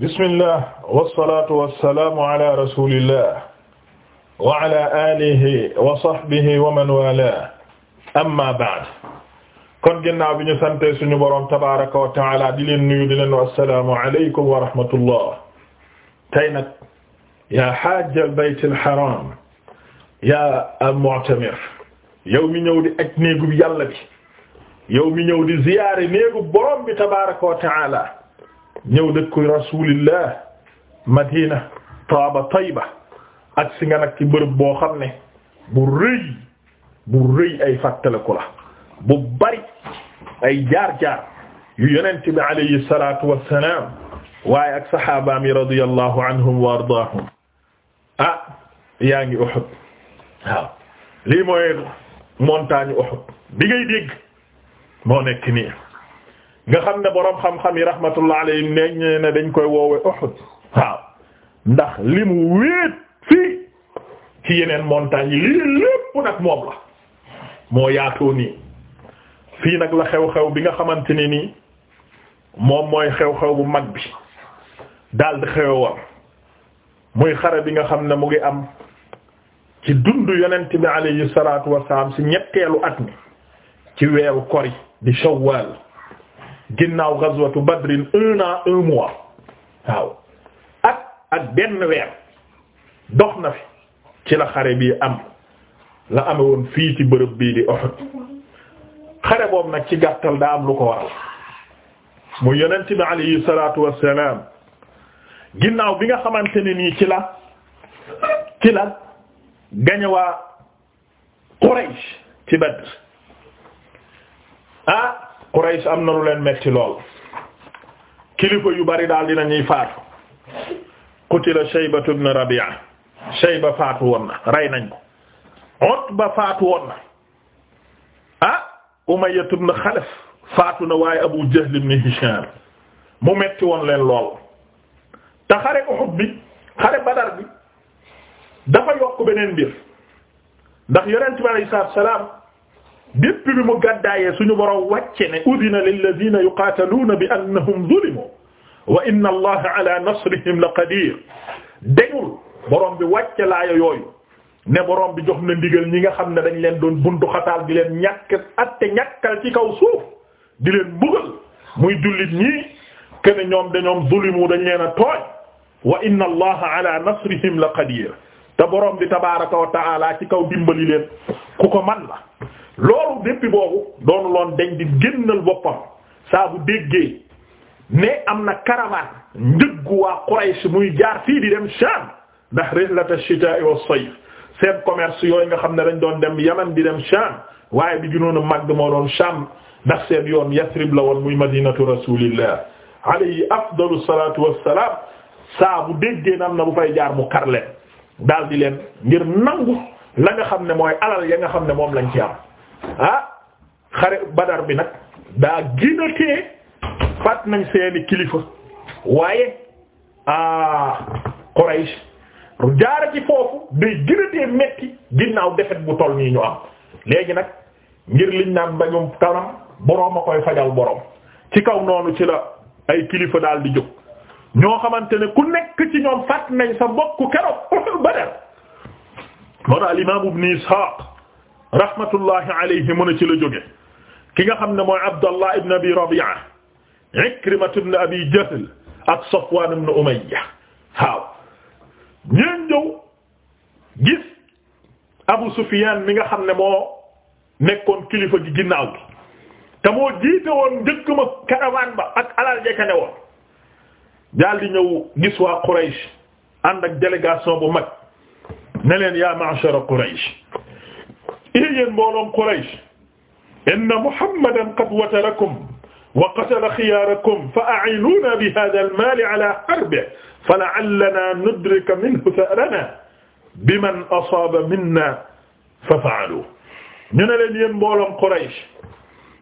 bismillah wasalaatu wasalaamu ala rasulillah wa ala alihi wa sahbihi wa man wala amma ba'd kon ginnaaw bi ñu sante suñu boroom tabaraka wa taala di leen nuyu di leen wa assalaamu alaykum wa rahmatullah tey nag yaa hajjal baytil haram yaa al-mu'tamir yow mi ñëw di ak néegub yàlla bi yow mi ñëw di ziyaare néegub boroom bi tabaraka wa taala ñëw dëkk rasulillah madina taaba tayba ak si nga nag ci boo xam ne bu rëy bu rëy ay fàttaliku la bu bari ay jaar-jaar yu yonent bi alayhi salaatu wassalaam waaye ak saxaabaam yi radiyallahu anhum wa ardaahum ah yaa ngi Uhud waaw mooy montagne Uhud bi ngay dégg moo nekk nii nga xam ne boroom xam-xam yi rahmatullah alayhim ne ne dañ koy woowe Uhud waaw ndax li mu wéet fii ci yeneen montagnes yi lii lépp nag moom la moo yaatoo nii fii nag la xew-xew bi nga xamante ne nii moom mooy xew-xew bu mag bi daldi xewewam muy xare bi nga xam ne mu ngi am ci dundu yonent bi alayhi salaatu wasalaam si ñetteelu at mi ci weeru kori di Shawwal ginnaaw ghazwatu badrin un an waaw ak ak benn weer dox na fi ci la xare bii am la ame fii ci bërëb bii di Uhud xare boobu nag ci gàttal daa am lu ko waral mu yonent bi alayhi salaatu wassalaam ginnaaw bi nga xamante ne nii ci la ci la gañe waa ci Badr ah Quraysh am na lu leen metti lool kilifa yu bari daal dina ñuy faatu qutila Shaybatu ibn Rabi'a Shayba faatu woon na rey nañ ko Utba faatu woon na ah Umayya ibn Khalaf faatu na waaye Abu Jahl ibn Hisham mu metti woon leen lool te xare Uhud bi xare Badar bi dafa yokk beneen mbir ndax yonent bi alayhi salaam depuis bi mu gàddaayee suñu borom wàcce ne udina lilladina yuqaataluuna bi annahum zulimu wa inna allaha ala nasrihim la qadir dégul borom bi wàcce laaya yooyu ne borom bi jox na ndigal ñi nga xam ne dañ leen doon buntu xataal di leen ñàkk atte ñàkkal ci kaw suuf di leen mbugal muy jullit ñi kene ñoom dañoom zulimu dañ leen a tooñ wa inna allaha ala nasrihim la qadir te borom bi tabaraka wa taala ci kaw dimbali leen ku ko man loolu déppi boobu doon loon dañ di génnal boppam saa bu déggee ne am na karamaan njëggu waa Quraysh muy jaar fii di dem Sham ndax rihlat ash-shitaa'i was-sayf seen commerce yooyu nga xam ne dañ doon dem Yaman di dem Sham waaye bi gënoon a màgg moo doon Sham ndax seen yoon Yasrib la woon muy madinatu rasulillah alayhi afdalu salatu wassalam saa bu déggee na am na bu fay jaar mu kar leen daal leen ngir nangu la nga xam ne mooy alal ya nga xam ne moom lañ ci am ah xare badar bi nag daa gina tee nañ seeni kilifa waaye ah Quraysh jaara ci foofu day gina metti ginnaaw defet bu toll nii ñu am léegi nag ngir liñ naan mbañum kanam boroom a koy fajal boroom ci kaw noonu ci la ay kilifa daal di jóg ñoo xamante ne ku nekk ci ñoom faat sa mbokk keroog Badar moo daal imaam Ibn Ishaq rahmatullahi alayhi mu ne ci la jóge ki nga xam ne mooy Abdallah ibn Abi Rabi'a Ikrima Safwan ibn Umayya waaw ñeen ñëw gis Abu Sufyan mi nga xam ne moo nekkoon kilifa gi ginnaaw gi te moo ñëw gis waa Quraysh ànd ak délégation bu mag ne leen yaa ma'shara Quraysh yéen mbooloom Quraysh inna Muhammadan qad watarakum wa qatala xiyaarakum fa a'iinuunaa bi haazal maali alaa harbihi fa la'allanaa nudrika minhu tha'ranaa biman asaaba minnaa fa fa'aluu ñu ne leen yéen mbooloom Quraysh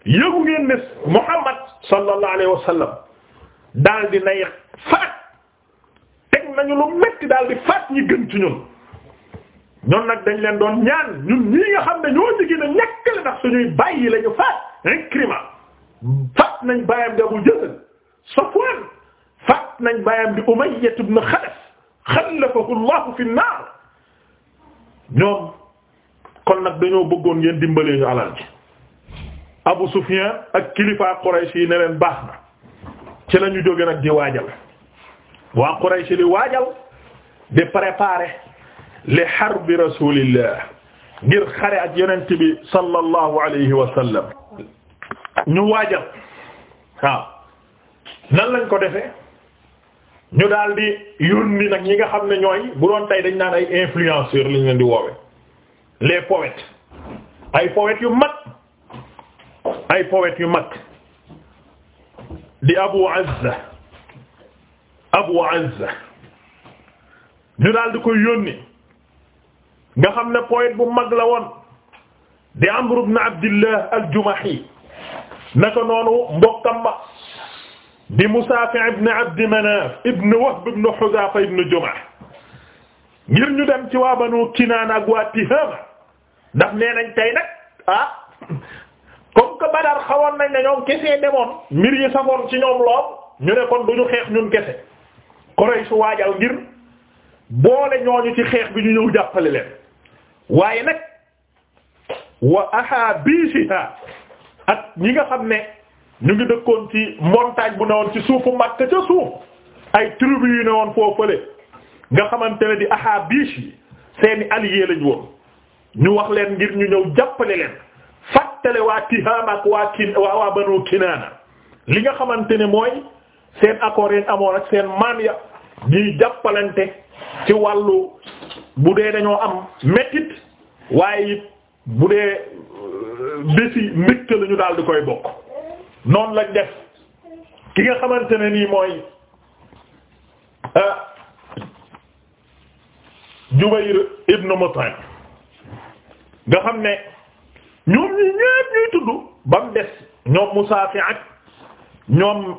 yëgu ngeen ne Muhammad sallallahu alayhi wa sallam daal di nay faat teg nañu lu métti daal di faat ñi gën ci ñun. ñoom nag dañ leen doon ñaan ñun ñii nga xam ne ñoo ci gën a la ndax suñuy bàyyi lañu ñu faat Ikrima faat nañ bàyyam di Abu Jahl Safwan faat nañ bàyyam di Umayyah ibn Khalaf xalafahu Allah fi an ñoom kon nag dañoo bëggoon ngeen dimbalee ñu alal ji Abu Sufyan ak kilifa Quraysh yi ne leen baax na ci la ñu jóge nag di waajal waa Quraysh li waajal di préparer li harbi rasulillah ngir xare ak yonent bi sallallahu alayhi wa sallam ñu waajal waaw nan lañ ko defee ñu daal di yónni nag ñi nga xam ne ñooy bu doon tey dañ naan ay influenceurs lañu leen di woowe les poètes ay poètes yu mag ay poètes yu mag di Abu Azza Abu Azza ñu daldi di koy yónni nga xam ne poète bu mag la woon di Amr ibn Abdillah al-Jumahi naka noonu mbokkam ba di Musaafi ibn Abd Manaf ibn Wahb ibn Hudhafa ibn Jumah ngir ñu dem ci waa Banu Kinaana ak waa Tihaama ndax nee nañ tey nag ah comme que Badar xawoon nañ ne ñoom kese demoon mbir yi safoon ci ñoom lool ñu ne kon du ñu xeex ñun kese Quraysh waajal ngir boole ñooñu ci xeex bi ñu ñëw jàppale leen waaye nag wa ahaabisiha ak ñi nga xam ne ñu ngi dëkkoon ci montagne bu newoon ci suufu Makka ca suuf ay tribu yu newoon foofale nga xamante ne di ahaabish yi seeni alliés lañ woon ñu wax leen ngir ñu ñëw jàppale leen fàttale waa Tihaam ak waa kin waa waa Banu Kinaana li nga xamante ni mooy seen accord yeen amoon ak seen maam ya ñuy jàppalante ci wàllu bu dee dañoo am mettit waaye it bu dee euh, bési mbégte lañu daal di koy bokk noonu lañ def ki nga xamante ne nii mooy euh, Jubayr ibn Mut'im nga xam ne ñoom ñi ñépp ñuy tudd ba mu des ñoom Musaafi ak ñoom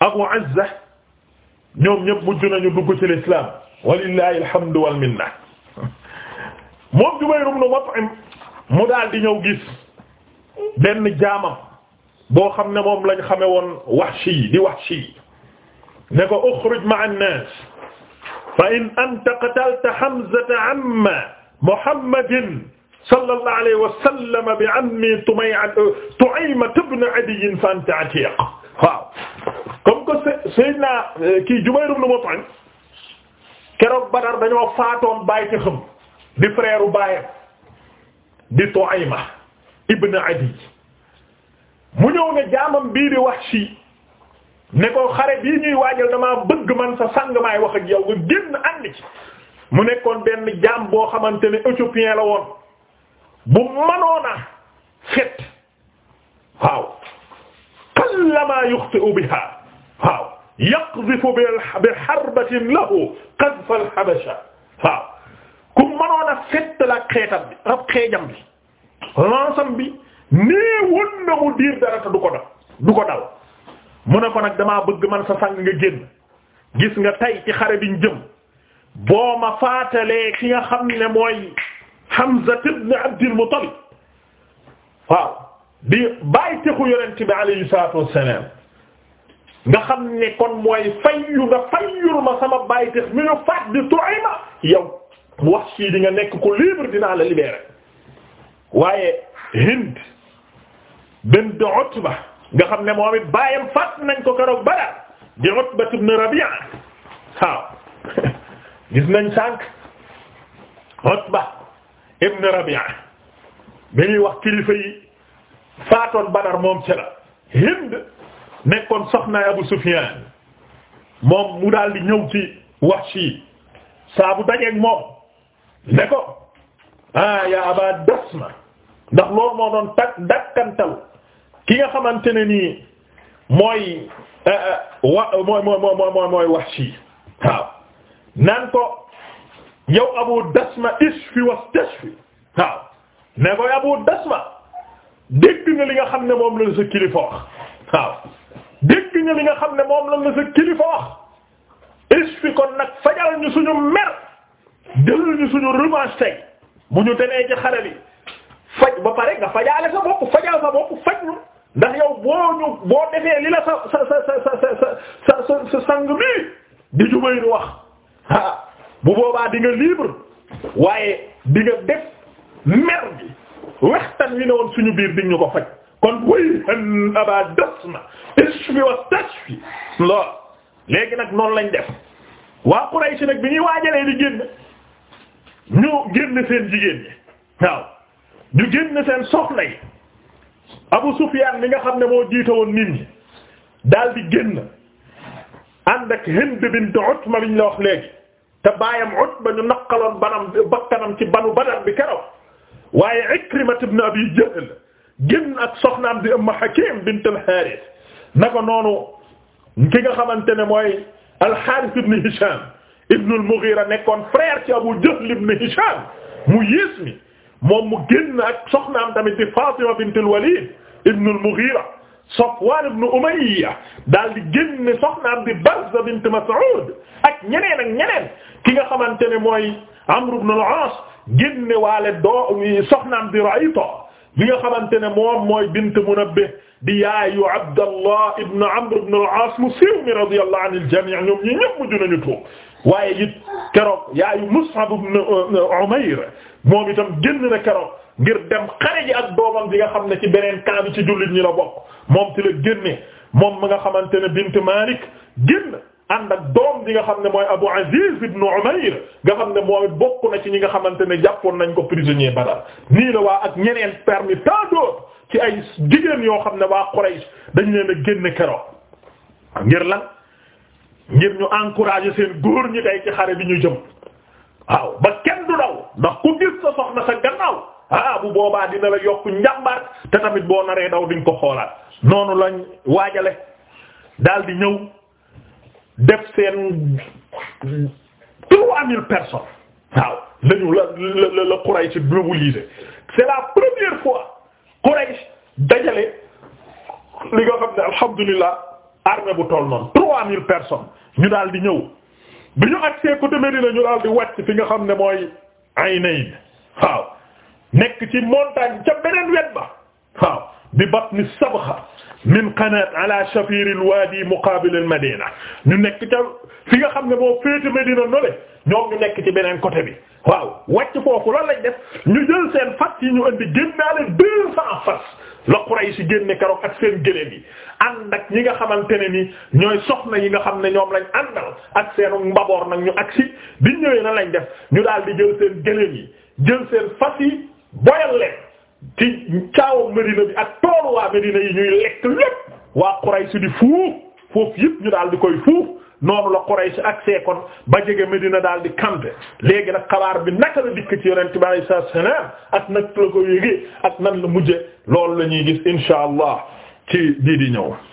Abu Azza ñoom ñépp mujj nañu dugg ci l'islam walillahi alhamdu wal minna moom Jubayr ibn Mut'im mu daal di ñëw gis benn jaamam boo xam ne moom lañ xame woon Wahshi di Wahshi ne ko uxruj ma'a an-nas fa in anta qatalta Hamzata amma Muhammadin sallallahu alayhi wa sallam bi ammi Tu'ayma ibn Adiy fa anta atiq waaw comme que Seydina kii Jubayr ibn Mut'im keroog Badar dañoo faatoon baay ci xam di frère u baayam di Tuayma ibn Adi mu ñëw ne jaamam bii di Wahshi ne ko xare bii ñuy waajal damaa bëgg man sa sang maay wax ak yow nga génn ànd ci mu nekkoon benn jaam boo xamante ne éthiopien la woon bu manoona fet waaw qallama yuxti'u biha yaqdhifu bi harbatin lahu qadhfa al-habasha waaw ku mënoon a fett la xeetam bi rab xeejam bi lansam bi nee woon na mu diir dara te du ko dal du ko dal mu ne ko nag damaa bëgg man sa sang nga génn gis nga tey ci xare biñ jëm boo ma faatalee ki nga xam ne mooy Hamza ibn Abdul Muttalib waaw di bàyyi texu yonent bi alayhi salaatu wassalaam nga xam ne kon mooy fayyu nga fayyul ma sama bàyyitex mi faat di tuay yow wax sii di nga nekk ko libre dinaa la libérer waaye Hind bint Utba nga xam ne moom it bàyyam faat nañ ko keroog Badar di Utba ibn Rabi'a waaw gis nañ sànq Utba ibn Rabi'a bi ñuy wax kilifa yi faatoon Badar moom ci nekkoon soxna Abu Sufyan moom mu daal di ñëw ci Wahshi saa bu dajeeg moom ne ko ah ya Aba Dasma ndax loolu moo doon dakkantal ki nga xamante ne nii mooy eh, eh, wa mooy mooy mooy mooy ko yow Abu Dasma isfi wastashfi waaw ne ko Abu Dasma dégg li nga xam ne moom la sa kilifa wax waaw. dégg nga nga xam ne moom la nga sa kilifa wax isfi kon nag fajal ñu suñu mer dellu ñu suñu revanche tey bu ñu tenee ci xare bi faj ba pare nga fajaale sa bopp fajal sa bopp faj ñu ndax yow boo ñu boo defee li la sa sa sa sa sa sa sang bii di Jubayr wax ah bu boobaa di nga libre waaye di nga mer bi wextaan wi ne woon suñu biir di ñu ko faj. kon wayhan aba dasma isfi wa tashfi lool léegi nag noonu lañ def waa Quraysh nag bi ñuy waajalee di génn ñu génn seen jigéen ñi waaw ñu génn seen soxna yi Abu Sufyaan mi nga xam ne moo jiite woon nit daal di génn ànd ak Hind bint Utba biñ la wax léegi te baayam Utba ñu naqaloon banam bakkanam ci banu Badar bi keroog waaye Ikrimat ibn Abi Jahl génn ak soxnaam di Umm Hakim bint al-Harith naka noonu ki nga xamante ne mooy al-Harith ibn Hisham ibn al-Mughira nekkoon frère ci Abu Jahl ibn Hisham mu yées mi moom mu génn ak soxnaam tamit di Fatima bint al-Walid ibn al-Mughira Safwan ibn Umayya daal di génn soxnaam di Barza bint Mas'ud ak ñeneen ak ñeneen ki nga xamante ne mooy Amr ibn al-As génn waale doo soxnaam di Ra'ita li nga xamante ne moom mooy bint Munabbih di yaayu Abdallah ibn Amr ibn al-As mu siiw mi radiyallahu anil jami' ñoom ñi ñëpp mujj nañu tuub waaye it keroog yaayu Mus'ab ibn euh, Umayr moom itam génn na keroog ngir dem xare ji ak doomam bi nga xam ne ci beneen camp bi ci jullit ñi la bokk moom ci la génne moom mi nga xamante ne bint Malik génn ànd ak doom bi nga xam ne mooy Abu Aziz ibn Umayr nga xam ne mooy bokk na ci ñi nga xamante ne jàppoon nañ ko prisonnier Badar nii la waa ak ñeneen parmi tant d'autres ci ay jigéen yoo xam ne waa Quraysh dañ leen a génn keroog ngir la ngir ñu encourager seen góor ñi day ci xare bi ñu jëm waaw ba kenn du daw ndax ku gis sa soxna sa gannaaw ah bu boobaa dina la yokk njàmbaar te tamit boo naree daw diñ ko xoolaat noonu lañ waajale daal di ñëw. def seen trois mille personnes waaw lañu la la la Quraysh mobilisé c'est la première fois Quraysh dajale li nga xam ne alhamdulilah armée bu toll noonu trois mille personnes ñu daal di ñëw bi ñu agsee côté Médina ñu daal di wàcc fi nga xam ne mooy Aynayn waaw nekk ci montagne ca beneen wet ba waaw di Batni Sabxa min qanat ala shafir al wadi muqabil al madina ñu nekk ca fi nga xam ne boo féete Medina nole ñoom ñu nekk ci beneen côté bi waaw wàcc foofu lan lañ def ñu jël seen fas yi ñu indi génnaale deux cent fas la Quraysh si génne keroog ak seen gëléem yi ànd ak ñi nga xamante ne ni ñooy soxna yi nga xam ne ñoom lañ àndal ak seen mbaboor nag ñu agsi biñ ñëwee na lañ def ñu daal di jël seen gëléem yi jël seen fas yi boyal leen ci caawa Medina bi ak toolu waa Medina yi ñuy lekk lépp waa Quraysh di fuuf foofu yëpp ñu daal di koy fuuf noonu la Quraysh ak seekon ba jege Medina daal di campé léegi nag xabaar bi naka la dikk ci Yonent bi alayhi salaatu wa salaam ak nag la ko yéegee ak nan la mujje loolu la ñuy gis insha allah ci di di ñëw.